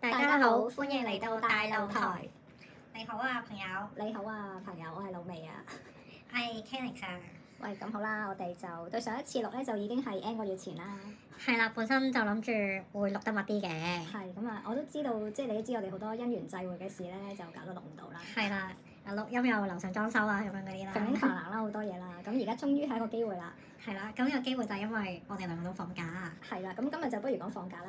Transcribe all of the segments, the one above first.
大家好，歡迎嚟到大露台。你好啊，朋友。你好啊，朋友。我係老味啊，係 Kennix 喂，咁好啦、啊，我哋就對上一次錄咧，就已經係 n 個月前啦。係啦、啊，本身就諗住會錄得密啲嘅。係咁啊，我都知道，即係你都知道我哋好多因緣際會嘅事咧，就搞到錄唔到啦。係啦、啊。啊，錄音又樓上裝修啊，咁樣嗰啲啦、， 嗯、啦，承頂爬啦好多嘢啦，咁而家終於係一個機會啦。係啦，咁有機會就係因為我哋兩個都放假。係啦，咁今日就不如講放假啦。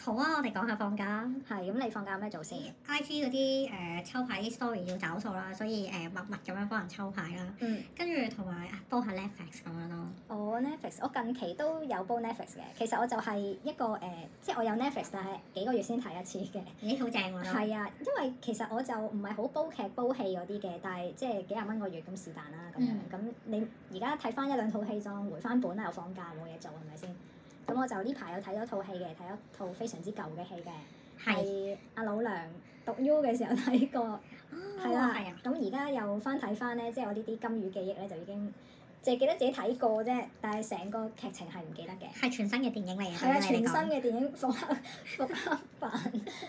好啊，我哋講下放假，係咁你放假有咩做事？I G 嗰啲誒抽牌 story 要找數啦，所以誒默默咁樣幫人抽牌啦。嗯。跟住同埋煲下 Netflix 咁樣咯。我、oh, Netflix，我近期都有煲 Netflix 嘅。其實我就係一個誒、呃，即係我有 Netflix，但係幾個月先睇一次嘅。咦、嗯！好正喎。係啊，因為其實我就唔係好煲劇煲戲嗰啲嘅，但係即係幾廿蚊個月咁是但啦咁樣。嗯。咁你而家睇翻一兩套戲，就回翻本啦。又放假冇嘢做，係咪先？咁我就呢排有睇咗套戲嘅，睇咗套非常之舊嘅戲嘅，係阿是老娘讀 U 嘅時候睇過，係啦、哦。咁而家又翻睇翻咧，即係我呢啲金魚記憶咧就已經，淨係記得自己睇過啫，但係成個劇情係唔記得嘅。係全新嘅電影嚟嘅，係啊，全新嘅電影復刻復刻版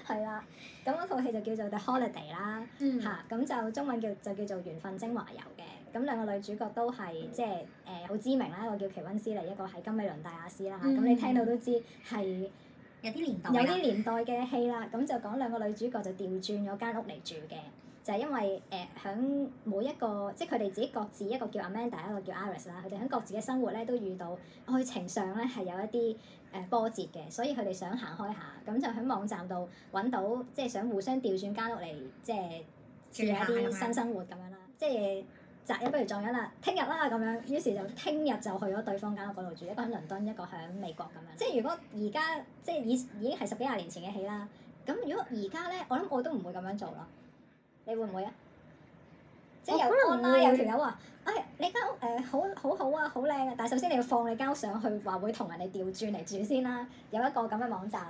係啦。咁嗰套戲就叫做《The Holiday、嗯》啦、啊，吓，咁就中文叫就叫做《緣分精華遊》嘅。咁兩個女主角都係即係誒好知名啦，一個叫奇溫斯利，一個係金美倫大亞斯啦。咁、嗯、你聽到都知係有啲年代，有啲年代嘅戲啦。咁就講兩個女主角就調轉咗間屋嚟住嘅，就係、是、因為誒響、呃、每一個即係佢哋自己各自一個叫 Amanda，一個叫 Iris 啦。佢哋喺各自嘅生活咧都遇到愛情上咧係有一啲誒波折嘅，所以佢哋想行開下，咁就喺網站度揾到即係、就是、想互相調轉間屋嚟即係住一啲新生活咁樣啦，即係。啊、不如撞日啦，聽日啦咁樣，於是就聽日就去咗對方間屋嗰度住，一個喺倫敦，一個喺美國咁樣。即係如果而家即係已已經係十幾廿年前嘅戲啦。咁如果而家咧，我諗我都唔會咁樣做咯。你會唔會,有、哦、會啊？即係又安啦，有條友話：，哎，你間屋誒、呃、好好好啊，好靚啊！但係首先你要放你間屋上去，話會同人哋調轉嚟住先啦、啊。有一個咁嘅網站。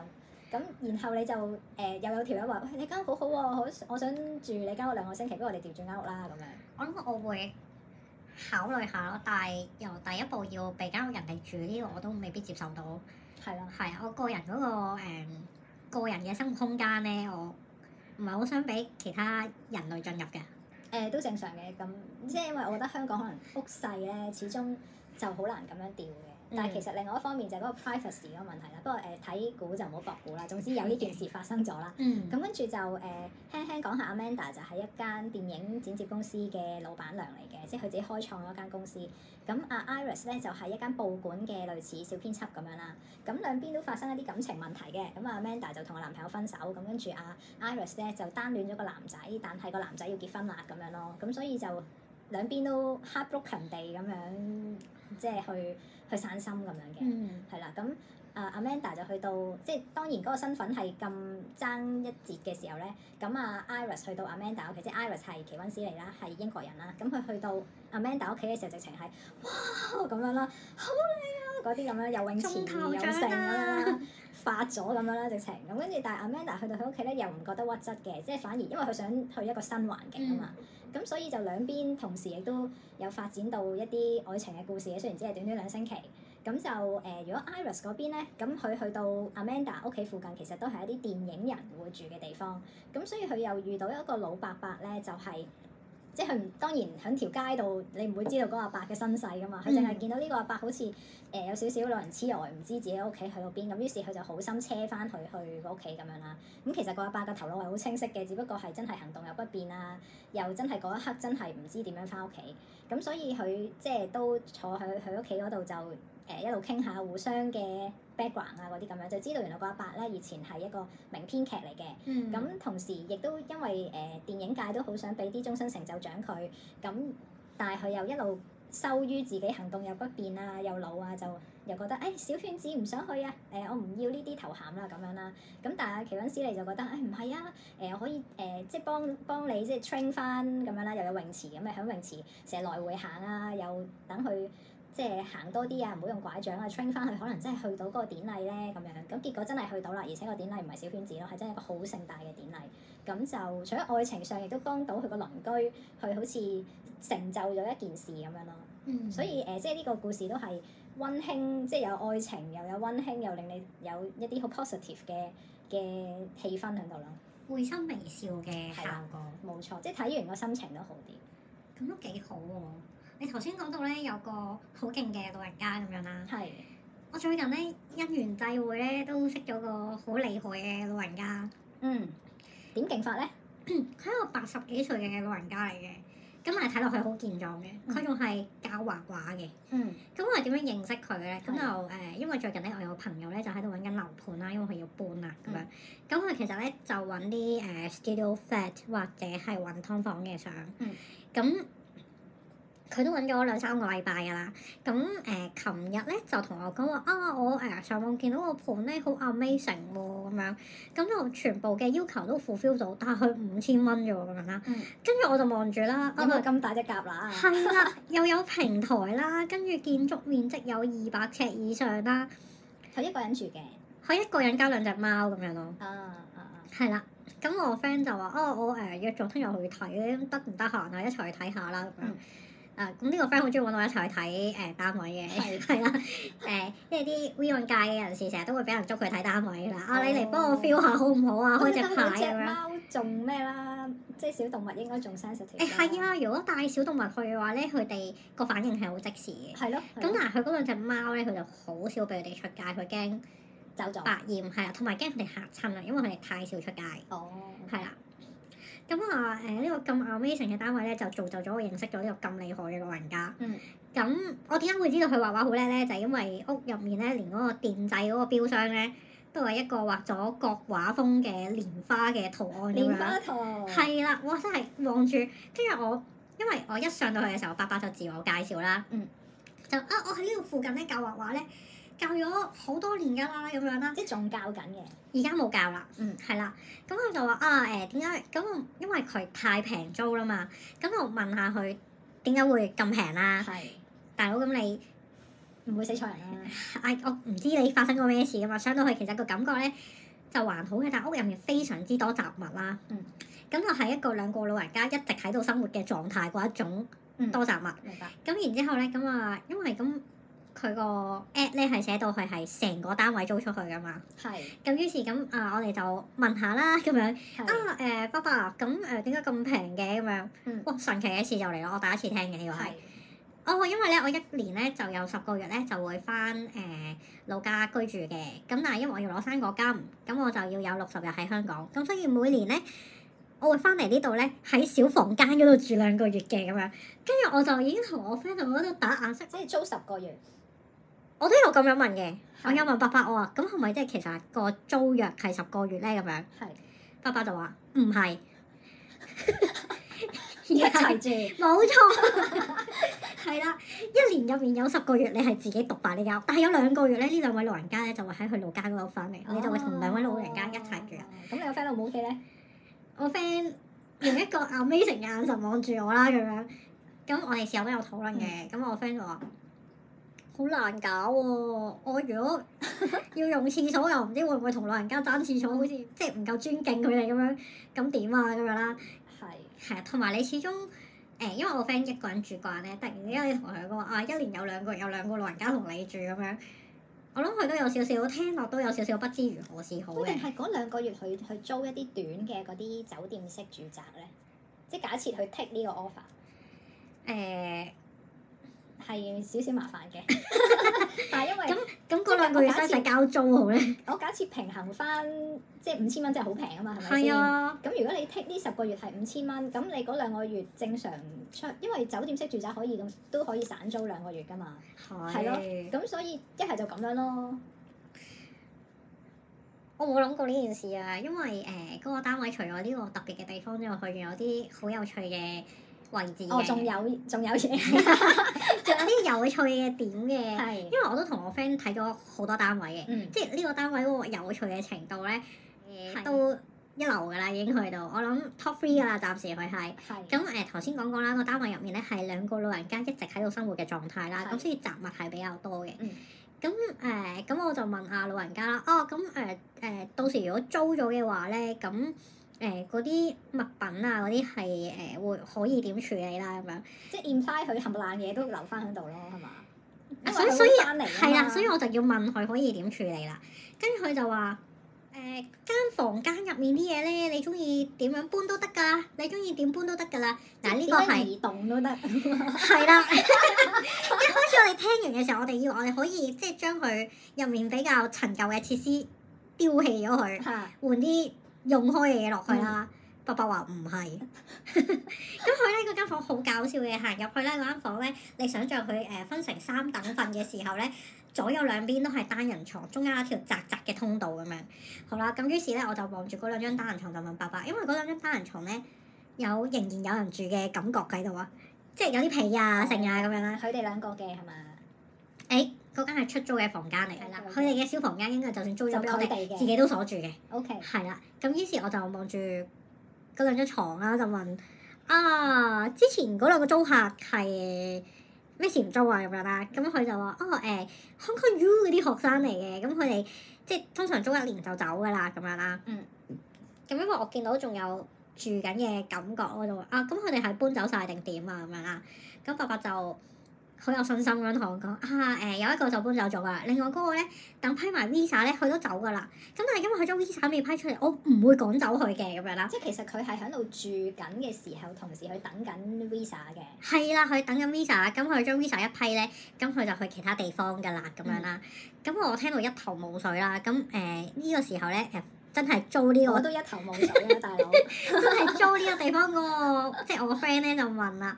咁然後你就誒、呃、又有條友話，你間好好喎、哦，好，我，我想住你間屋兩個星期，不如我哋調轉間屋啦咁樣。我諗我會考慮下咯，但係由第一步要被間屋人哋住呢個，這個、我都未必接受到。係咯、啊，係啊，我個人嗰、那個誒、嗯、個人嘅生活空間咧，我唔係好想俾其他人類進入嘅。誒、呃、都正常嘅，咁即係因為我覺得香港可能屋細咧，始終就好難咁樣調嘅。但係其實另外一方面就係嗰個 privacy 個問題啦。不過誒睇股就唔好博股啦。總之有呢件事發生咗啦。咁、 嗯、跟住就誒、呃、輕輕講下 Amanda 就係一間電影剪接公司嘅老闆娘嚟嘅，即係佢自己開創咗間公司。咁阿、啊、Iris 咧就係一間報館嘅類似小編輯咁樣啦。咁兩邊都發生一啲感情問題嘅。咁啊 Amanda 就同我男朋友分手。咁跟住阿、啊、Iris 咧就單戀咗個男仔，但係個男仔要結婚啦咁樣咯。咁所以就。兩邊都 hard 黑碌強地咁樣，即係去去散心咁樣嘅，係啦、mm。咁、hmm. 阿、啊、Amanda 就去到，即係當然嗰個身份係咁爭一截嘅時候咧。咁阿、啊、Iris 去到 Amanda 屋企，即係 Iris 係奇溫斯嚟啦，係英國人啦。咁佢去到 Amanda 屋企嘅時候，直情係哇咁樣啦，好靚啊！嗰啲咁樣游泳池投有剩咁、啊、 樣，發咗咁樣啦，直情。咁跟住，但係 Amanda 去到佢屋企咧，又唔覺得屈質嘅，即係反而因為佢想去一個新環境啊嘛。Mm hmm. 咁所以就兩邊同時亦都有發展到一啲愛情嘅故事嘅，雖然只係短短兩星期。咁就誒、呃，如果 Iris 嗰邊咧，咁佢去到 Amanda 屋企附近，其實都係一啲電影人會住嘅地方。咁所以佢又遇到一個老伯伯咧，就係、是。即係佢唔當然喺條街度，你唔會知道嗰阿伯嘅身世噶嘛，佢淨係見到呢個阿伯好似誒、呃、有少少老人痴呆，唔知自己屋企喺邊度，咁於是佢就好心車翻佢去個屋企咁樣啦。咁、嗯、其實個阿伯嘅頭腦係好清晰嘅，只不過係真係行動又不便啦、啊，又真係嗰一刻真係唔知點樣翻屋企，咁所以佢即係都坐喺佢屋企嗰度就。誒一路傾下互相嘅 background 啊，嗰啲咁樣就知道原來個阿伯咧以前係一個名編劇嚟嘅，咁、嗯、同時亦都因為誒、呃、電影界都好想俾啲終身成就獎佢，咁但係佢又一路羞於自己行動又不便啊，又老啊，就又覺得誒、哎、小圈子唔想去啊，誒、呃、我唔要呢啲頭銜啦咁樣啦，咁但係奇雲斯你就覺得誒唔係啊、呃，我可以誒、呃、即係幫幫你即係 train 翻咁樣啦，又有泳池咁啊，喺泳池成日來回行啊，又等佢。即係行多啲啊，唔好用拐杖啊，train 翻去，可能真係去到嗰個典禮咧咁樣，咁結果真係去到啦，而且個典禮唔係小圈子咯，係真係一個好盛大嘅典禮，咁就除咗愛情上亦都幫到佢個鄰居，佢好似成就咗一件事咁樣咯。嗯、所以誒、呃，即係呢個故事都係温馨，即係有愛情又有温馨，又令你有一啲好 positive 嘅嘅氣氛喺度咯。會心微笑嘅效果。冇錯，即係睇完個心情都好啲。咁都幾好喎。你頭先講到咧有個好勁嘅老人家咁樣啦，係。我最近咧因緣際會咧都識咗個好厲害嘅老人家，嗯，嗯。點勁法咧？佢係一個八十幾歲嘅老人家嚟嘅，咁但係睇落去好健壯嘅。佢仲係教畫畫嘅，嗯。咁我點樣認識佢咧？咁就誒，因為最近咧我有個朋友咧就喺度揾緊樓盤啦，因為佢要搬啊咁樣。咁佢、嗯、其實咧就揾啲誒 studio flat 或者係揾劏房嘅相，咁、嗯嗯佢都揾咗我兩三個禮拜㗎啦。咁、嗯、誒，琴日咧就同我講話啊，我誒、呃、上網見到個盤咧好 amazing 喎，咁樣咁就全部嘅要求都 fulfill 到，但係佢五千蚊啫喎咁啦，跟住、嗯、我就望住啦，咁啊咁大隻夾乸，係啦、嗯，又有平台啦，跟住 建築面積有二百尺以上啦。佢一個人住嘅，佢一個人加兩隻貓咁樣咯、啊。啊係啦，咁、嗯、我 friend 就話啊，我誒約咗聽日去睇，得唔得閒啊？一齊去睇下啦咁樣。嗯嗯。啊，咁呢個 friend 好中意揾我一齊去睇誒、呃、單位嘅，係啦，誒，因為啲 w e 界嘅人士成日都會俾人捉佢去睇單位啦。啊，哦、啊你嚟幫我 feel 下好唔好啊？開只牌隻、啊、貓仲咩啦？即係小動物應該仲 sensitive 係啊、欸，如果帶小動物去嘅話咧，佢哋個反應係好即時嘅。係咯。咁但係佢嗰兩隻貓咧，佢就好少俾佢哋出街，佢驚走咗了。百厭係啊，同埋驚佢哋嚇親啊，因為佢哋太少出街。哦。係啦。咁啊誒呢個咁 amazing 嘅單位咧，就造就咗我認識咗呢個咁厲害嘅老人家。咁我點解會知道佢畫畫好叻咧？就係、是、因為屋入面咧，連嗰個電掣嗰個標箱咧，都係一個畫咗國畫風嘅蓮花嘅圖案。蓮花圖。係啦，我真係望住。跟住我，因為我一上到去嘅時候，伯伯就自我介紹啦、嗯。就啊，我喺呢度附近咧教畫畫咧。教咗好多年噶啦，咁樣啦，即係仲教緊嘅。而家冇教啦。嗯，係啦。咁佢就話啊，誒點解？咁因為佢太平租啦嘛。咁我問下佢點解會咁平啦？係大佬，咁你唔會死錯人啦。啊，我唔知你發生過咩事嘅嘛。上到去其實個感覺咧就還好嘅，但屋入面非常之多雜物啦。嗯，咁就係一個兩個老人家一直喺度生活嘅狀態嘅一種多雜物。嗯，明白。咁然之後咧，咁啊，因為咁。佢個 app 咧係寫到佢係成個單位租出去噶嘛，咁於是咁啊，我哋就問下啦咁樣啊誒，爸爸咁誒點解咁平嘅咁樣？哇神奇嘅事就嚟啦！我第一次聽嘅呢個係，哦，因為咧我一年咧就有十個月咧就會翻誒老家居住嘅，咁但係因為我要攞生果金，咁我就要有六十日喺香港，咁所以每年咧我會翻嚟呢度咧喺小房間嗰度住兩個月嘅咁樣，跟住我就已經同我 friend 喺嗰度打眼色，可以租十個月。我都一路咁樣問嘅，我又問爸爸我話：咁係咪即係其實個租約係十個月咧？咁樣，的爸爸就話唔係， 一齊住，冇錯。係啦，一年入面有十個月你係自己獨霸呢間屋，但係有兩個月咧，呢兩位老人家咧就會喺佢老家嗰度翻嚟，oh, 你就會同兩位老人家一齊住。咁、oh, oh. 你個 friend 老母屋企咧？我 friend 用一個 amazing 眼神望住我啦，咁 樣。咁我哋事後都有討論嘅，咁、嗯、我 friend 就話。好難搞喎、啊！我如果要用廁所，又唔知會唔會同老人家爭廁所好，好似 即係唔夠尊敬佢哋咁樣，咁點啊咁樣啦？係係啊，同埋你始終誒，因為我 friend 一個人住慣咧，突然之間你同佢講話啊，一年有兩個有兩個老人家同你住咁樣，我諗佢都有少少，聽落都有少少不知如何是好嘅。定係嗰兩個月去去租一啲短嘅嗰啲酒店式住宅咧，即係假設佢 take 呢個 offer、欸。誒。係少少麻煩嘅， 但係因為咁咁嗰兩個月使曬交租好咧。我假設平衡翻即係五千蚊，真係好平啊嘛，係咪先？係啊。咁如果你 take 呢十個月係五千蚊，咁你嗰兩個月正常出，因為酒店式住宅可以咁都可以散租兩個月㗎嘛。係是。係咯、啊。咁所以一係就咁樣咯。我冇諗過呢件事啊，因為誒嗰、呃那個單位除咗呢個特別嘅地方之外，佢有啲好有趣嘅。位置哦，仲有仲有嘢，仲有啲有趣嘅點嘅，的因為我都同我 friend 睇咗好多單位嘅，嗯、即係呢個單位嗰個有趣嘅程度咧，嗯、都一流噶啦，已經去到，的我諗 top three 噶啦，暫時佢係。咁誒頭先講過啦，個、呃、單位入面咧係兩個老人家一直喺度生活嘅狀態啦，咁的所以雜物係比較多嘅。咁誒咁我就問下老人家啦，哦咁誒誒，到時如果租咗嘅話咧，咁。誒嗰啲物品啊，嗰啲係誒會可以點處理啦？咁樣即係 emphasize 佢冚唪唥嘢都留翻喺度咯，係嘛、啊？所以所以係啦，所以我就要問佢可以點處理啦。跟住佢就話：誒、呃、間房間入面啲嘢咧，你中意點樣搬都得㗎，你中意點搬都得㗎啦。嗱呢個係移動都得，係 啦。 一開始我哋聽完嘅時候，我哋要我哋可以即係將佢入面比較陳舊嘅設施丟棄咗佢，換啲。 用開嘅嘢落去啦，嗯、伯伯話唔係。咁佢以咧，嗰間房好搞笑嘅，行入去咧，嗰間房咧，你想將像佢誒分成三等份嘅時候咧，左右兩邊都係單人床，中間有一條窄窄嘅通道咁樣。好啦，咁於是咧，我就望住嗰兩張單人床就問伯伯，因為嗰兩張單人床咧有仍然有人住嘅感覺喺度啊，即係有啲被啊剩啊咁樣啦。佢哋兩個嘅係嘛？誒。欸嗰間係出租嘅房間嚟，係佢哋嘅小房間應該就算租咗俾我哋，自己都鎖住嘅。O K。係 啦樂，咁、okay. 於是我就望住嗰兩張牀啦、啊，就問啊，之前嗰兩個租客係咩事唔租啊咁樣啦。咁佢 就話：哦，誒，Hong Kong U 嗰啲學生嚟嘅，咁佢哋即係通常租一年就走噶啦，咁樣啦。咁、嗯、因為我見到仲有住緊嘅感覺咯，我就話啊，咁佢哋係搬走晒定點啊咁樣啦。咁伯伯就，好有信心咁樣同我講，啊誒、呃、有一個就搬走咗啦，另外嗰個咧等批埋 visa 咧佢都走噶啦。咁但係因為佢張 visa 未批出嚟，我唔會趕走佢嘅咁樣啦。即係其實佢係喺度住緊嘅時候，同時去等緊 visa 嘅。係啦，佢等緊 visa，咁佢張 visa 一批咧，咁佢就去其他地方噶啦咁樣啦。咁、嗯、我聽到一頭霧水啦。咁誒呢個時候咧誒真係租呢、這個，我都一頭霧水啦， 大佬哥。 真係租呢個地方嗰 即係我個 friend 咧就問啦。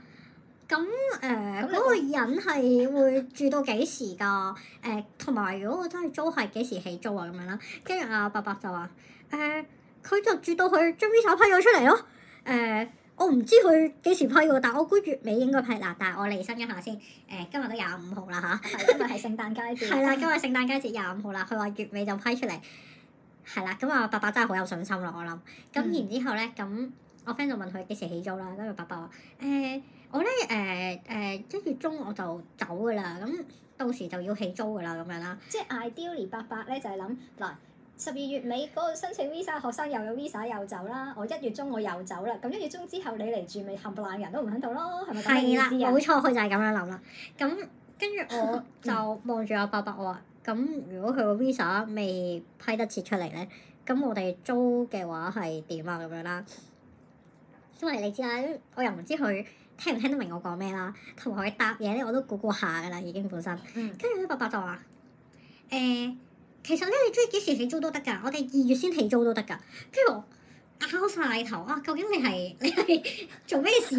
咁誒，嗰個人係會住到幾時㗎？誒、呃，同埋如果我真係租，係幾時起租啊？咁樣啦，跟住阿伯伯就話：誒、呃，佢就住到佢將啲手批咗出嚟咯。誒、呃，我唔知佢幾時批嘅，但我估月尾應該批嗱。但係我嚟新一下先。誒、呃，今日都廿五號啦吓？今日係聖誕佳節。係啦，今日聖誕佳節廿五號啦，佢話月尾就批出嚟。係啦，咁啊，伯伯真係好有信心咯，我諗。咁然之後咧，咁、嗯。我 friend 就問佢幾時起租啦，跟住伯伯話：誒、欸、我咧誒誒一月中我就走噶啦，咁到時就要起租噶啦咁樣啦。即係 ideally，伯伯咧就係諗嗱十二月尾嗰、那個申請 visa 學生又有 visa 又走啦，我一月中我又走啦，咁一月中之後你嚟住咪冚唪唥人都唔喺度咯，係咪、啊？係啦，冇錯，佢就係咁樣諗啦。咁跟住我就望住我伯伯話：咁、嗯、如果佢個 visa 未批得切出嚟咧，咁我哋租嘅話係點啊？咁樣啦。因為你知啦，我又唔知佢聽唔聽得明我講咩啦，同埋佢答嘢咧我都估估下噶啦，已經本身。跟住咧，伯伯就話：誒、欸，其實咧，你中意幾時起租都得噶，我哋二月先起租都得噶。跟住我拗晒頭啊，究竟你係你係做咩事？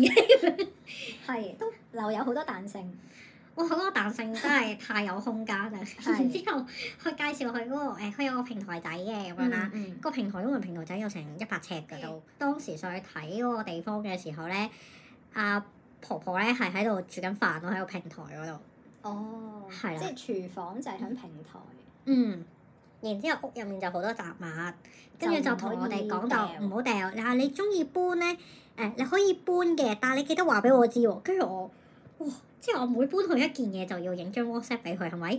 係， 都留有好多彈性。哇！嗰個彈性真係太有空間啦！然之後佢介紹佢嗰個誒，佢有個平台仔嘅咁樣啦。個平台因為平台仔有成一百尺嘅都。當時上去睇嗰個地方嘅時候咧，阿婆婆咧係喺度煮緊飯咯喺個平台嗰度。哦。係。即係廚房就喺平台。嗯。然之後屋入面就好多雜物，跟住就同我哋講到唔好掉。啊，你中意搬咧？誒，你可以搬嘅，但係你記得話俾我知喎。跟住我，哇！即係我每搬去一件嘢就要影張 WhatsApp 俾佢，係咪？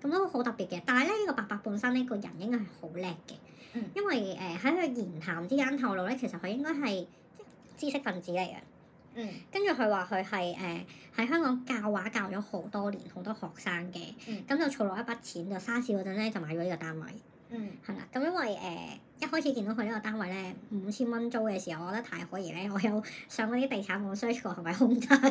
咁都好特別嘅。但係咧，呢個伯伯本身咧個人應該係好叻嘅，嗯、因為誒喺佢言談之間透露咧，其實佢應該係知識分子嚟嘅。嗯、跟住佢話佢係誒喺香港教畫教咗好多年，好多學生嘅。嗯。咁就儲落一筆錢，就沙士嗰陣咧就買咗呢個單位。嗯，係啦，咁因為誒一開始見到佢呢個單位咧五千蚊租嘅時候，我覺得太可疑咧。我有上嗰啲地產網 search 過係咪凶宅㗎？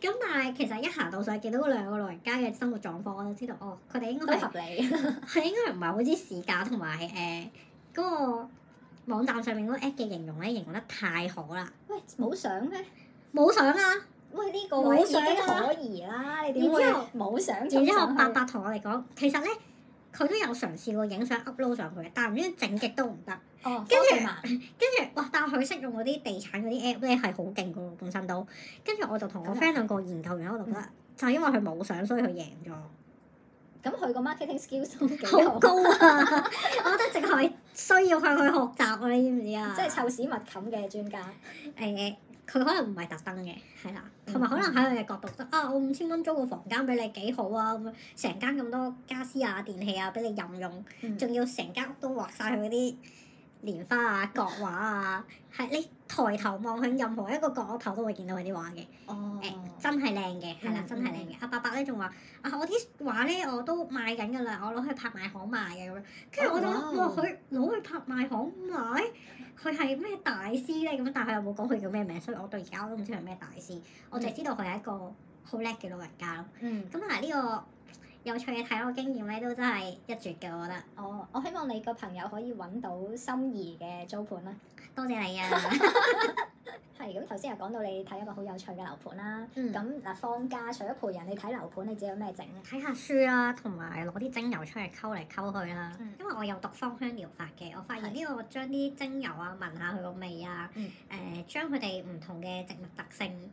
咁但係其實一行到上見到嗰兩個老人家嘅生活狀況，我都知道哦，佢哋應該都合理，係應該唔係好知市價同埋誒嗰個網站上面嗰個 app 嘅形容咧形容得太好啦。喂，冇相咩？冇相啊！喂，呢個冇相，可疑啦，你點會冇相？然之後伯伯同我嚟講，其實咧。佢都有嘗試過影相 upload 上去，但唔知整極都唔得。哦，跟住跟住，哇！但佢識用嗰啲地產嗰啲 app 咧係好勁嘅喎，本身都。跟住我就同我 friend 兩個研究完，嗯、我就覺得就係因為佢冇相，所以佢贏咗。咁佢個、嗯、marketing skills 都幾高啊！ 我覺得淨係需要向佢學習啊，你知唔知啊？即係臭屎密冚嘅專家。誒。 uh, 佢可能唔係特登嘅，係啦，同埋可能喺佢嘅角度得、嗯、啊，我五千蚊租個房間俾你幾好啊，咁成間咁多家私啊電器啊俾你任用，仲、嗯、要成間屋都畫晒佢啲。蓮花啊，國畫啊，係你抬頭望向任何一個角落頭都會見到佢啲畫嘅，誒真係靚嘅，係啦，真係靚嘅。阿伯伯咧仲話，啊我啲畫咧我都賣緊㗎啦，我攞去拍賣行賣嘅咁樣，跟住我就諗哇佢攞去拍賣行賣，佢係咩大師咧咁樣，但係又冇講佢叫咩名，所以我到而家我都唔知佢係咩大師，mm hmm. 我就知道佢係一個好叻嘅老人家咯。Mm hmm. 嗯，咁係呢個。有趣嘅睇樓經驗咧，都真係一絕嘅，我覺得。我、oh, 我希望你個朋友可以揾到心儀嘅租盤啦、啊。多謝你啊！係咁頭先又講到你睇一個好有趣嘅樓盤啦、啊。咁嗱放假除咗陪人，你睇樓盤，你自己有咩整？睇下書啦、啊，同埋攞啲精油出嚟溝嚟溝去啦。嗯、因為我有讀芳香療法嘅，我發現呢個將啲精油啊，聞下佢個味啊，誒、嗯嗯呃、將佢哋唔同嘅植物特性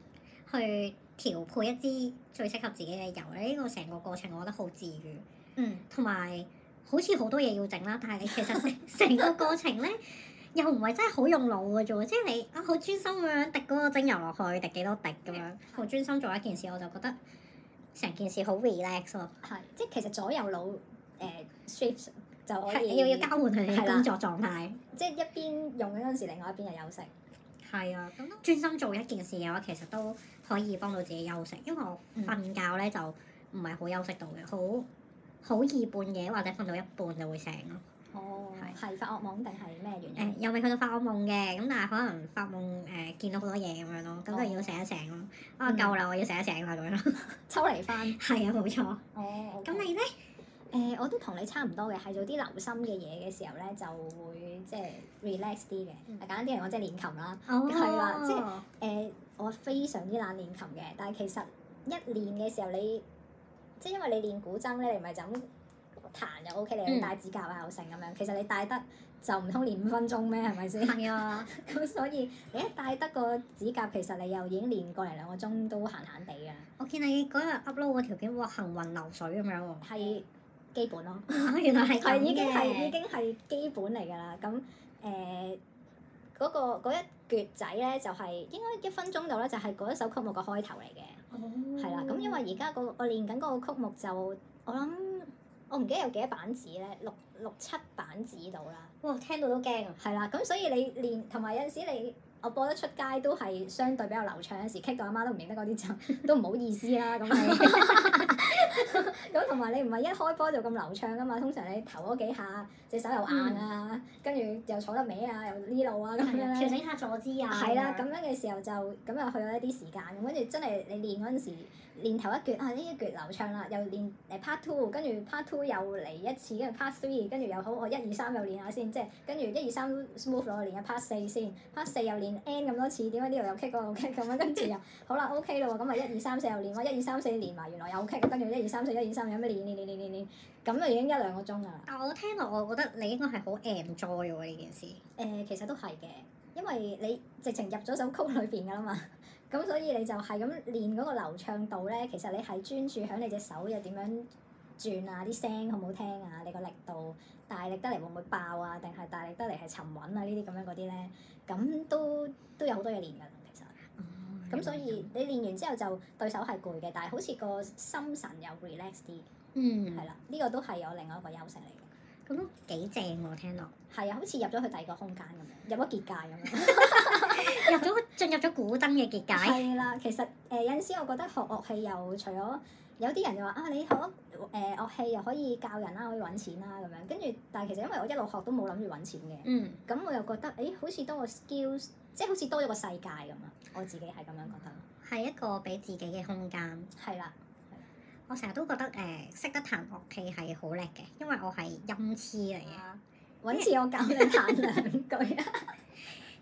去。調配一支最適合自己嘅油，呢、這個成個過程我覺得好治愈。嗯，同埋好似好多嘢要整啦，但係你其實成成個過程咧， 又唔係真係好用腦嘅啫。即、就、係、是、你啊，好專心咁樣滴嗰個精油落去，滴幾多滴咁樣，好、嗯、專心做一件事，我就覺得成件事好 relax 咯。係，即係其實左右腦誒、呃、shift 就係要要交換佢哋嘅工作狀態，的 即係一邊用緊嗰陣時，另外一邊又休息。係啊，咁專心做一件事嘅話，其實都可以幫到自己休息，因為我瞓覺咧、嗯、就唔係好休息到嘅，好好易半夜，或者瞓到一半就會醒咯。哦，係是發惡夢定係咩原因？誒、欸，又未去到發惡夢嘅，咁但係可能發夢誒、呃、見到好多嘢咁樣咯，咁當然要醒一醒咯。哦、啊，夠啦，嗯、我要醒一醒啊咁樣，抽離翻。係 啊，冇錯。哦，咁、okay. 你咧？誒，我都同你差唔多嘅，係做啲留心嘅嘢嘅時候咧，就會即係 relax 啲嘅。簡單啲嚟講，即係練琴啦，係啊，即係誒，我非常之懶練琴嘅，但係其實一練嘅時候你，即係因為你練古箏咧，你唔係就咁彈就 OK 嚟戴指甲啊成咁樣，其實你戴得就唔通練五分鐘咩？係咪先？係啊，咁所以你一戴得個指甲，其實你又已經練過嚟兩個鐘都閒閒地㗎。我見你嗰日 upload 個條片，哇，行雲流水咁樣喎。係。基本咯，原來係、佢、已經係已經係基本嚟㗎啦。咁誒嗰個嗰一厥仔咧，就係、是、應該一分鐘度咧，就係嗰一首曲目個開頭嚟嘅。係啦、哦，咁因為而家個我練緊嗰個曲目就，我諗我唔記得有幾多板子咧，六六七板子度啦。哇、哦！聽到都驚啊！係啦，咁所以你練同埋有陣時你我播得出街都係相對比較流暢，有陣時棘到阿媽都唔認得嗰啲就都唔好意思啦、啊。咁係。咁同埋你唔係一開波就咁流暢噶嘛，通常你頭嗰幾下隻手又硬啊，跟住又坐得尾啊，又呢路啊咁樣咧。調整下坐姿啊。係啦，咁樣嘅時候就咁又去咗一啲時間，跟住真係你練嗰陣時練頭一撅，啊呢一撅流暢啦，又練誒 part two，跟住 part two 又嚟一次，跟住 part three，跟住又好我一二三又練下先，即係跟住一二三 smooth 咗，練下 part 四先，part 四又練 n 咁多次，點解呢度又棘嗰路棘咁樣，跟住又好啦，OK 啦喎，咁咪一二三四又練喎，一二三四練埋，原來又 kick。跟住一。三四一二三二一練，有咩練練練練練練？咁就已經一兩個鐘噶啦。但我聽落，我覺得你應該係好 enjoy 呢件事。誒、呃，其實都係嘅，因為你直情入咗首曲裏邊噶啦嘛，咁 所以你就係咁練嗰個流暢度咧。其實你係專注喺你隻手又點樣轉啊，啲聲好唔好聽啊，你個力度大力得嚟，會唔會爆啊？定係大力得嚟係沉穩啊？這這呢啲咁樣嗰啲咧，咁都都有好多嘢練噶。咁所以你練完之後就對手係攰嘅，但係好似個心神又 relax 啲，嗯，係啦，呢、呢個都係有另外一個優勢嚟嘅。咁都幾正喎，聽落。係啊，好似入咗去第二個空間咁，入咗結界咁，入咗 進入咗古箏嘅結界。係啦， 其實誒、呃，有陣時我覺得學樂器又除咗。有啲人就話啊，你學誒、呃、樂器又可以教人啦，可以揾錢啦、啊、咁樣。跟住，但係其實因為我一路學都冇諗住揾錢嘅，咁、嗯、我又覺得誒、欸，好似多個 skills，即係好似多咗個世界咁啊！我自己係咁樣覺得，係一個俾自己嘅空間。係啦，啦我成日都覺得誒，識、呃、得彈樂器係好叻嘅，因為我係音痴嚟嘅。揾、啊、次我教你彈兩句啊！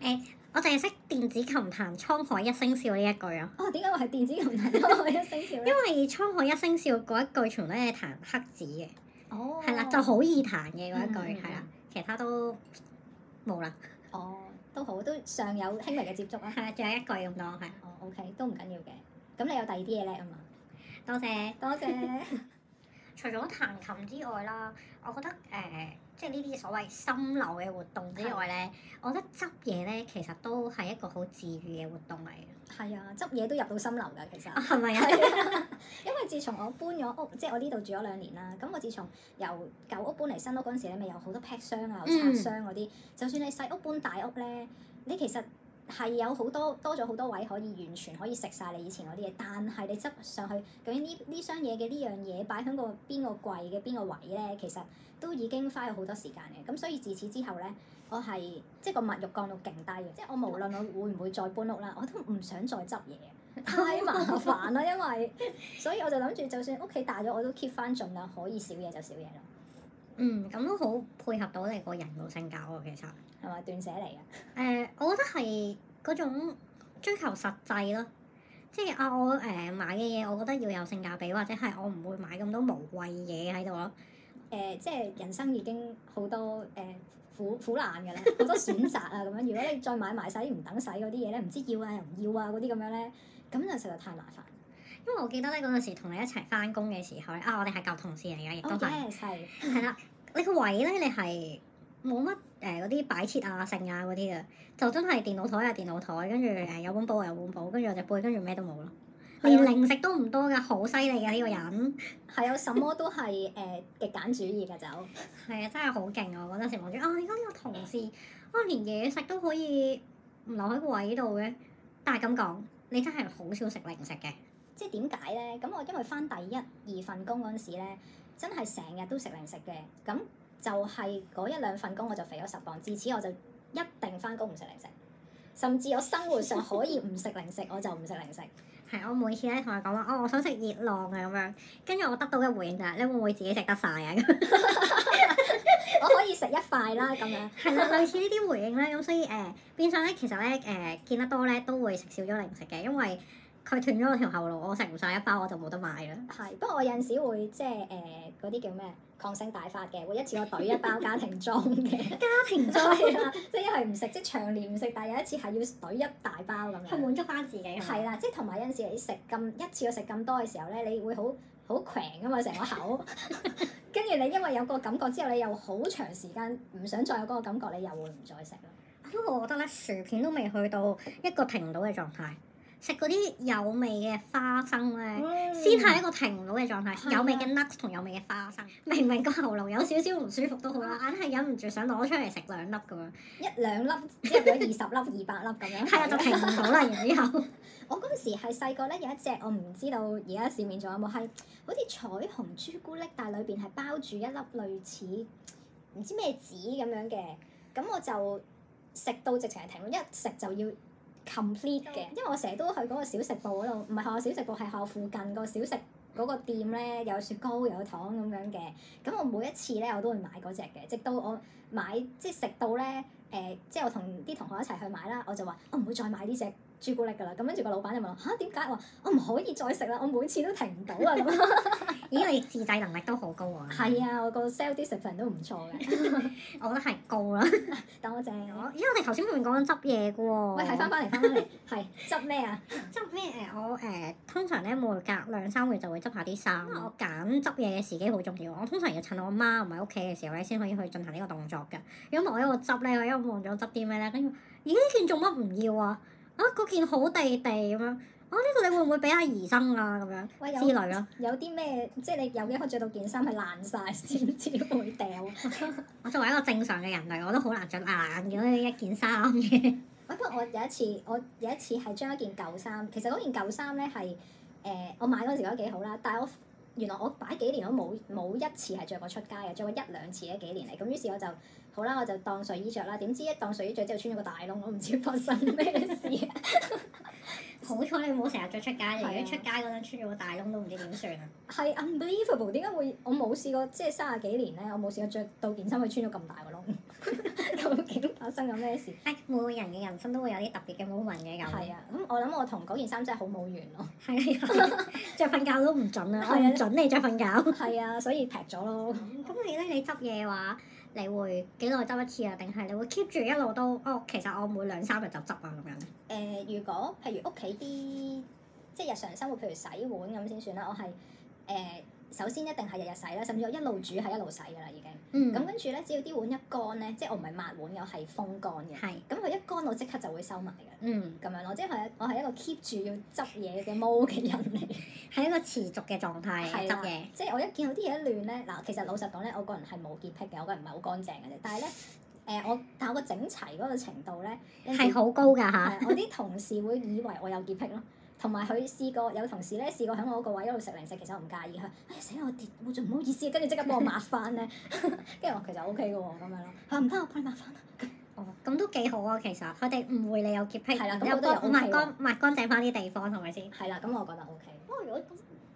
誒。 我淨係識電子琴彈《滄海一聲笑》呢一句啊！哦，點解話係電子琴彈《滄 海一聲笑》咧？因為《滄海一聲笑》嗰一句全部都係彈黑子嘅，哦，係啦，就好易彈嘅嗰一句，係啦、mm.，其他都冇啦。哦，oh, 都好，都尚有輕微嘅接觸啊。係啊， 仲有一句咁多係。哦、oh,，OK，都唔緊要嘅。咁你有第二啲嘢叻啊嘛？多謝，謝，多謝。除咗彈琴之外啦，我覺得誒、呃，即係呢啲所謂心流嘅活動之外咧，嗯、我覺得執嘢咧，其實都係一個好治愈嘅活動嚟。係啊，執嘢都入到心流㗎，其實。係咪啊？是是啊。 因為自從我搬咗屋，即係我呢度住咗兩年啦。咁我自從由舊屋搬嚟新屋嗰陣時咧，咪有好多 pack 箱啊、拆箱嗰啲。嗯、就算你細屋搬大屋咧，你其實～係有好多，多咗好多位可以完全，可以食晒你以前嗰啲嘢。但係你執上去究竟呢，呢箱嘢嘅呢樣嘢擺喺個邊個櫃嘅邊個位咧，其實都已經花咗好多時間嘅。咁所以自此之後咧，我係即係個物欲降到勁低嘅， 即係我無論我會唔會再搬屋啦，我都唔想再執嘢， 太麻煩啦。因為 所以我就諗住，就算屋企大咗，我都 keep 翻盡量可以少嘢就少嘢咯。嗯，咁都好配合到你個人個性格喎，其實係咪斷捨離嘅？誒、呃，我覺得係嗰種追求實際咯，即係啊，我誒、呃、買嘅嘢，我覺得要有性價比，或者係我唔會買咁多無謂嘢喺度咯。誒、呃，即係人生已經好多誒、呃、苦苦難嘅啦，好多選擇啊咁 樣。如果你再買埋晒啲唔等使嗰啲嘢咧，唔知要啊又唔要啊嗰啲咁樣咧，咁就實在太麻煩。因為我記得咧，嗰陣時同你一齊返工嘅時候咧，啊，我哋係舊同事嚟嘅，亦都係。係啦、oh, yes , yes，你個位咧，你係冇乜誒嗰啲擺設啊、剩啊嗰啲嘅，就真係電腦枱啊、電腦枱，跟住誒有本簿有本簿，跟住有隻杯，跟住咩都冇咯，的連零食都唔多嘅，好犀利嘅呢個人，係有什麼都係誒極簡主義嘅就。係啊，真係好勁啊！我嗰陣時望住啊，你呢個同事啊，連嘢食都可以唔留喺個位度嘅，但係咁講，你真係好少食零食嘅。即係點解咧？咁我因為返第一二份工嗰陣時咧，真係成日都食零食嘅。咁就係嗰一兩份工我就肥咗十磅。自此我就一定返工唔食零食，甚至我生活上可以唔食零食， 我就唔食零食。係，我每次咧同佢講話，哦，我想食熱浪啊咁樣。跟住我得到嘅回應就係、是：你會唔會自己食得晒啊？ 我可以食一塊啦，咁樣。係啦，類似呢啲回應咧。咁所以誒、呃，變相咧其實咧誒、呃、見得多咧都會食少咗零食嘅，因為。佢斷咗我條喉路，我食唔晒一包我就冇得買啦。係，不過我有陣時會即係誒嗰啲叫咩抗性大發嘅，會一次我懟一包家庭裝嘅。 家庭裝啦， 即係一係唔食，即係長年唔食，但係有一次係要懟一大包咁樣。去滿足翻自己係啦，即係同埋有陣時你食咁一次我食咁多嘅時候咧，你會好好狂啊嘛成個口，跟住 你因為有個感覺之後，你又好長時間唔想再有嗰個感覺，你又會唔再食咯。不過、啊、我覺得咧，薯片都未去到一個停唔到嘅狀態。食嗰啲有味嘅花生咧，嗯、先係一個停唔到嘅狀態。的有味嘅 nuts 同有味嘅花生，明明個喉嚨有少少唔舒服都好啦，硬係忍唔住想攞出嚟食兩粒咁 20，樣，一兩粒之後二十粒二百粒咁樣，係啊，就停唔到啦。 然之後， 我嗰時係細個咧，有一隻，我唔知道而家市面仲有冇，係好似彩虹朱古力，但係裏邊係包住一粒類似唔知咩紙咁樣嘅，咁我就食到直情係停，一食就要。complete 嘅，因為我成日都去嗰個小食部嗰度，唔係學校小食部，係學校附近個小食嗰個店呢，有雪糕有糖咁樣嘅。咁我每一次呢，我都會買嗰隻嘅，直到我買即係食到呢，誒、呃，即係我同啲同學一齊去買啦，我就話我唔會再買呢隻朱古力㗎啦，咁跟住個老闆就問、啊、我嚇點解？我唔可以再食啦，我每次都停唔到啊咁。咦？ 你自制能力都好高喎。係 啊，我個 self discipline 都唔錯嘅， 我覺得係高啦，多謝我。因為我哋頭先唔係講緊執嘢嘅喎。喂，睇翻翻嚟，翻翻嚟，係執咩啊？執咩誒？我誒通常咧每隔兩三個月就會執下啲衫。因為我揀執嘢嘅時機好重要，我通常要趁我媽唔喺屋企嘅時候咧，先可以去進行呢個動作嘅。如果冇咧，我執咧，我一望咗執啲咩咧，跟住咦呢件做乜唔要啊？啊！嗰件好地地咁樣，啊呢度、這個、你會唔會俾阿姨生啊？咁樣喂有之類咯，有啲咩即係你有幾可以著到件衫係爛曬先至會掉 丟。 我作為一個正常嘅人類，我都好難著爛咗一件衫嘅。喂，不過我有一次，我有一次係將一件舊衫，其實嗰件舊衫咧係誒我買嗰陣時覺得幾好啦，但係我。原來我擺幾年都冇冇一次係着過出街嘅，着過一兩次呢幾年嚟，咁於是我就好啦，我就當睡衣着啦。點知一當睡衣着之後穿咗個大窿，我唔知發生咩事。 好彩你唔好成日着出街，如果出街嗰陣穿咗個大窿都唔知點算啊！係 unbelievable，點解會我冇試過？即係三十幾年咧，我冇試過着到件衫去穿咗咁大個窿， 究竟發生咗咩事？誒、哎，每個人嘅人生都會有啲特別嘅 moment 嘅咁。係啊，咁我諗我同嗰件衫真係好冇緣咯。係啊，着瞓覺都唔準啊，啊，準你着瞓覺。係 啊，所以劈咗咯。咁、嗯、你咧，你執嘢話？你會幾耐執一次啊？定係你會 keep 住一路都哦？其實我每兩三日就執啊咁樣。誒、呃，如果譬如屋企啲即係日常生活，譬如洗碗咁先算啦。我係誒。呃首先一定係日日洗啦，甚至我一路煮係一路洗嘅啦，已經。咁跟住咧，只要啲碗一乾咧，即係我唔係抹碗又係風乾嘅。係。咁佢一乾我即刻就會收埋嘅。嗯。咁樣咯，即係我係一個 keep 住要執嘢嘅毛嘅人嚟，係 一個持續嘅狀態執嘢。啊、即係我一見到啲嘢亂咧，嗱，其實老實講咧，我個人係冇潔癖嘅，我個人唔係好乾淨嘅啫。但係咧，誒我但係我整齊嗰個程度咧係好高㗎嚇， 我啲同事會以為我有潔癖咯。同埋佢試過有同事咧試過喺我個位一路食零食，其實我唔介意佢。哎死我跌我仲唔好意思，跟住即刻幫我抹翻咧，跟住話其實 O K 嘅喎，咁樣咯，嚇唔得我幫你抹翻啊！哦，咁都幾好啊，其實佢哋誤會你、啊、有潔癖，係啦、OK 啊，咁我都要抹乾抹乾淨翻啲地方係咪先？係啦，咁、啊、我覺得 O K。不過如果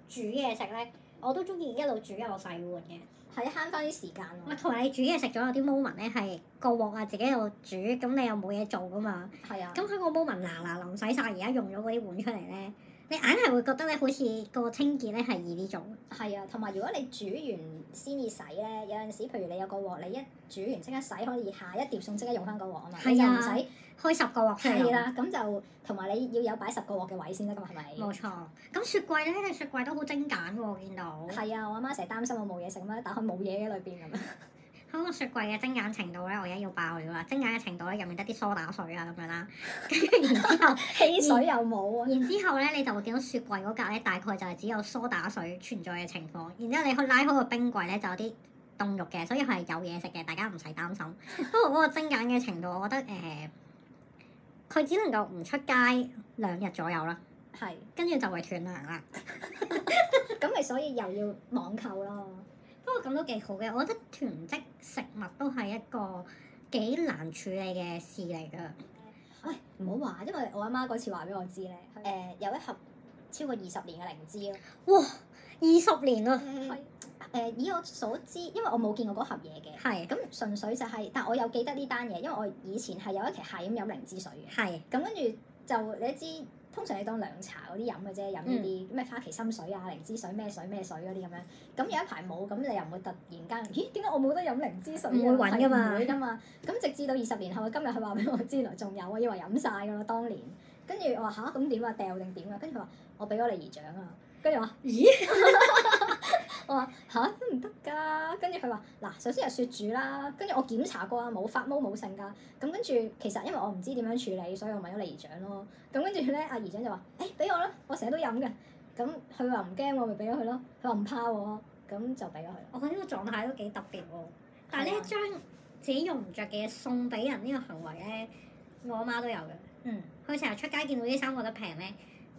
煮嘢食咧，我都中意一路煮一路洗碗嘅。係慳翻啲時間咯，同埋你煮嘢食咗有啲 moment 咧係個鑊啊，自己喺度煮，咁你又冇嘢做噶嘛。係啊，咁佢個 moment 嗱嗱臨洗晒，而家用咗嗰啲碗出嚟咧。你硬係會覺得咧，好似個清潔咧係易啲做。係啊，同埋如果你煮完先至洗咧，有陣時譬如你有個鑊，你一煮完即刻洗，可以下一碟餸即刻用翻個鑊啊嘛，你就，唔使開十個鑊係啦，啊。咁就同埋你要有擺十個鑊嘅位先得噶嘛，係咪？冇錯。咁雪櫃咧，你雪櫃都好精簡喎，我見到。係啊，我阿媽成日擔心我冇嘢食啦，打開冇嘢喺裏邊咁樣。 喺個雪櫃嘅精簡程度咧，我而家要爆料啦！精簡嘅程度咧，入面得啲梳打水啊咁樣啦，跟 住然之後汽 水又冇。然之後咧，你就會見到雪櫃嗰格咧，大概就係只有梳打水存在嘅情況。然之後你開拉開個冰櫃咧，就有啲凍肉嘅，所以係有嘢食嘅，大家唔使擔心。不過嗰個精簡嘅程度，我覺得誒，佢、呃、只能夠唔出街兩日左右啦。係是。跟住就會斷糧啦。咁 咪 所以又要網購咯？不過咁都幾好嘅，我覺得囤積食物都係一個幾難處理嘅事嚟㗎。喂，唔好話，因為我阿媽嗰次話俾我知咧，誒的、呃、有一盒超過二十年嘅靈芝咯。哇！二十年啊！誒、呃，以我所知，因為我冇見過嗰盒嘢嘅。係的。咁純粹就係、是，但我有記得呢單嘢，因為我以前係有一期係咁飲靈芝水嘅。係的。咁跟住就你一知。通常你當涼茶嗰啲飲嘅啫，飲呢啲咩花旗參水啊、靈芝水咩水咩水嗰啲咁樣。咁有一排冇，咁你又唔會突然間，咦？點解我冇得飲靈芝水？唔會揾㗎嘛，唔會㗎嘛。咁 直至到二十年後，今日佢話俾我知原來，仲有，啊，以為飲晒㗎咯，當年。跟住我話吓？咁點啊？掉定點啊？跟住佢話，我俾咗你姨丈啊。跟住話，咦？ 我話吓，都唔得㗎，跟住佢話嗱，首先係雪住啦，跟住我檢查過啊，冇發毛冇性㗎，咁跟住其實因為我唔知點樣處理，所以我問咗阿姨丈咯，咁跟住咧阿姨丈就話誒，俾我啦，我成日都飲㗎，咁佢話唔驚我咪俾咗佢咯，佢話唔怕喎，咁就俾咗佢。我覺得呢個狀態都幾特別喎，但係呢係、啊、將自己用唔着嘅嘢送俾人呢個行為咧，我阿媽都有嘅，嗯，佢成日出街見到啲衫覺得平咧。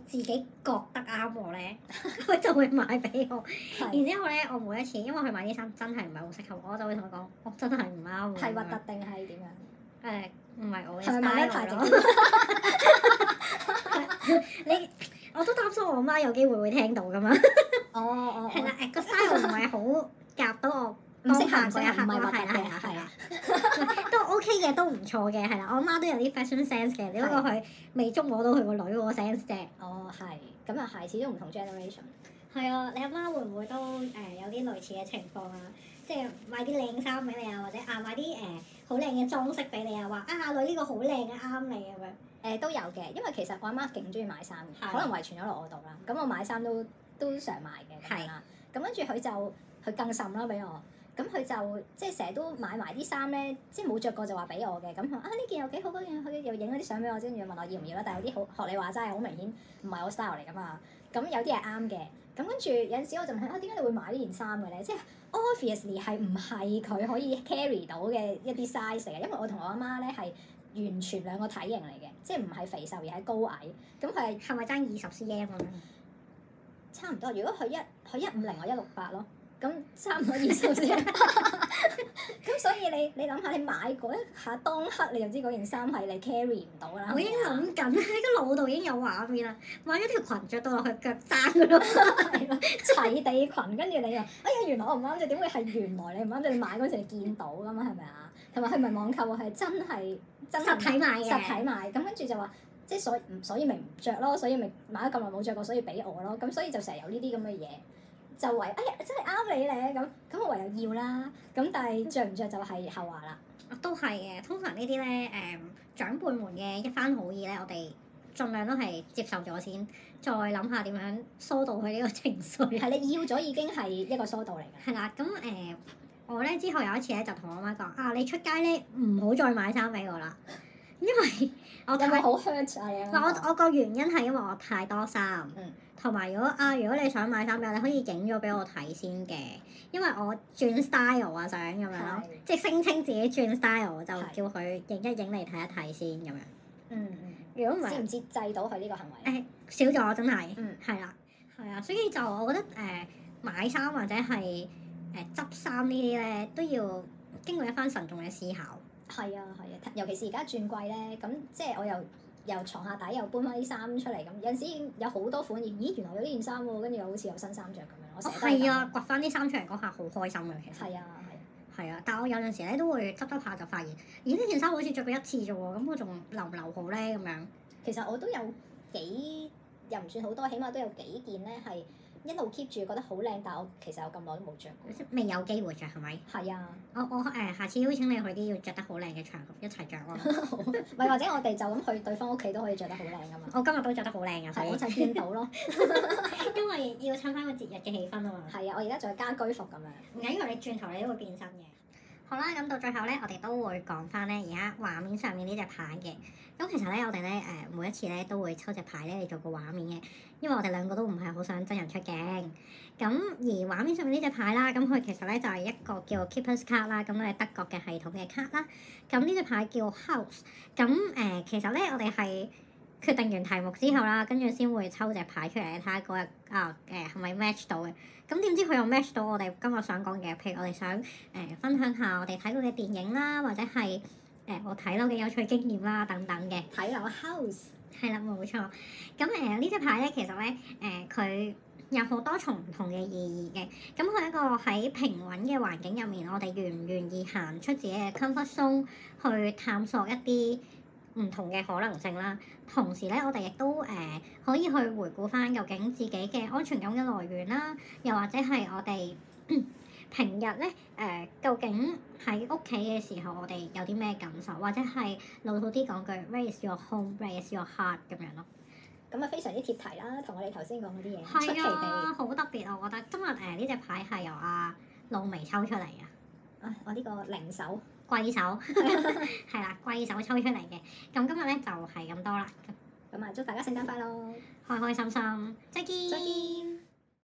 自己覺得啱我咧，佢就會買俾我。然之後咧，我每一次因為佢買啲衫真係唔係好適合我，我就會同佢講，我真係唔啱。係核突定係點樣？誒，唔係 我。係買一排整。你我都擔心我媽有機會會聽到㗎嘛？哦哦，係啦，誒個 style 唔係好夾到我。Oh, 我唔識行唔一刻啊，係啦，係啦，都 OK 嘅，都唔錯嘅，係啦。我阿媽都有啲 fashion sense 嘅，只不過佢未捉摸到佢個女 sense 啫。哦，係，咁又係，始終唔同 generation。係啊，你阿媽會唔會都誒有啲類似嘅情況啊？即係買啲靚衫俾你啊，或者啊買啲誒好靚嘅裝飾俾你啊，話啊女呢個好靚嘅啱你咁樣。誒都有嘅，因為其實我阿媽勁中意買衫可能遺傳咗落我度啦。咁我買衫都都常買嘅，係啦。咁跟住佢就佢更甚啦，俾我。咁佢就即係成日都買埋啲衫咧，即係冇着過就話俾我嘅。咁啊呢件又幾好，嗰件佢又影嗰啲相俾我。跟住問我要唔要啦。但係有啲好學你話齋，好明顯唔係我 style 嚟噶嘛。咁有啲係啱嘅。咁跟住有陣時我就問佢點解你會買呢件衫嘅咧？即係 obviously 係唔係佢可以 carry 到嘅一啲 size 嚟嘅？因為我同我阿媽咧係完全兩個體型嚟嘅，即係唔係肥瘦而係高矮。咁佢係咪爭二十 cm 啊？咁差唔多。如果佢一佢一五零我一六八咯。咁差唔多可以收先，咁所以你你諗下，你買嗰一下當刻，你就知嗰件衫係你 carry 唔到啦。我已經諗緊，喺個腦度已經有畫面啦。買咗條裙，着到落去腳踭嘅咯，齊地裙。跟住 你又，哎呀，原來我唔啱，你點會係原來你唔啱？你買嗰時你見到噶嘛？係咪啊？同埋佢咪係網購係真係真實體買嘅。實體買。咁跟住就話，即係所所以咪唔着咯，所以咪買咗咁耐冇着過，所以俾我咯。咁所以就成日有呢啲咁嘅嘢。就為，哎呀，真係啱你咧，咁，咁我唯有要啦，咁但係着唔着就係後話啦。都係嘅，通常呢啲咧，誒長輩們嘅一番好意咧，我哋盡量都係接受咗先，再諗下點樣疏導佢呢個情緒。係，你要咗已經係一個疏導嚟。嘅。 係啦，咁、呃、誒我咧之後有一次咧，就同我媽講啊，你出街咧唔好再買衫俾我啦，因為我太好 hurt 啦。我我個原因係因為我太多衫。嗯。同埋，如果啊，如果你想買衫嘅，你可以影咗俾我睇先嘅，因為我轉 style 啊，想咁樣咯，的即係聲稱自己轉 style 就叫佢影一影嚟睇一睇先咁樣。嗯，嗯，如果唔係，知唔知制到佢呢個行為？誒、欸、少咗真係，嗯係啦，係啊，所以就我覺得誒、呃、買衫或者係誒執衫呢啲咧，都要經過一番慎重嘅思考。係啊係啊，尤其是而家轉季咧，咁即係我又。由床下底又搬翻啲衫出嚟，咁有陣時有好多款嘢，咦原來有呢件衫喎，跟住我好似有新衫着咁樣，我捨得掘翻啲衫出嚟，嗰下好開心嘅其實。係啊係。係啊，啊，但係我有陣時咧都會執執下就發現，咦呢件衫好似着過一次啫喎，咁我仲留唔留好咧咁樣。其實我都有幾，又唔算好多，起碼都有幾件咧係。一路 keep 住覺得好靚，但係我其實我咁耐都冇著，未有機會着係咪？係是啊我，我我誒、呃、下次邀請你去啲要着得好靚嘅場合一齊着咯，唔係或者我哋就咁去對方屋企都可以着得好靚噶嘛。我今日都着得好靚啊， 我就見到咯， 因為要趁翻個節日嘅氣氛啊嘛。係啊，我而家著家居服咁樣，唔緊要你轉頭你都會變身嘅。好啦，咁到最後咧，我哋都會講翻咧而家畫面上面呢隻牌嘅。咁其實咧，我哋咧誒每一次咧都會抽隻牌咧嚟做個畫面嘅，因為我哋兩個都唔係好想真人出鏡。咁而畫面上面呢隻牌啦，咁佢其實咧就係、是、一個叫 Keeper's Card 啦，咁佢係德國嘅系統嘅 card 啦。咁呢隻牌叫 House。咁、呃、誒，其實咧我哋係。決定完題目之後啦，跟住先會抽隻牌出嚟睇下嗰日啊誒係、呃、咪 match 到嘅？咁點知佢又 match 到我哋今日想講嘅，譬如我哋想誒、呃、分享下我哋睇過嘅電影啦，或者係誒、呃、我睇到嘅有趣經驗啦等等嘅。睇樓 house 係啦，冇錯。咁誒、呃、呢隻牌咧，其實咧誒佢有好多重唔同嘅意義嘅。咁佢一個喺平穩嘅環境入面，我哋願唔願意行出自己嘅 comfort zone 去探索一啲？唔同嘅可能性啦，同時咧，我哋亦都誒、呃、可以去回顧翻究竟自己嘅安全感嘅來源啦，又或者係我哋平日咧誒、呃、究竟喺屋企嘅時候，我哋有啲咩感受，或者係老土啲講句 your home，raise your home，raise your heart 咁樣咯。咁啊，非常之貼題啦，同我哋頭先講嗰啲嘢出奇好特別，我覺得今日誒呢隻牌係由阿露眉抽出嚟啊！我呢個零手。貴手係啦， 貴手抽出嚟嘅，咁今日咧就係、是、咁多啦，咁啊祝大家聖誕快樂，開開心心，再見，再見。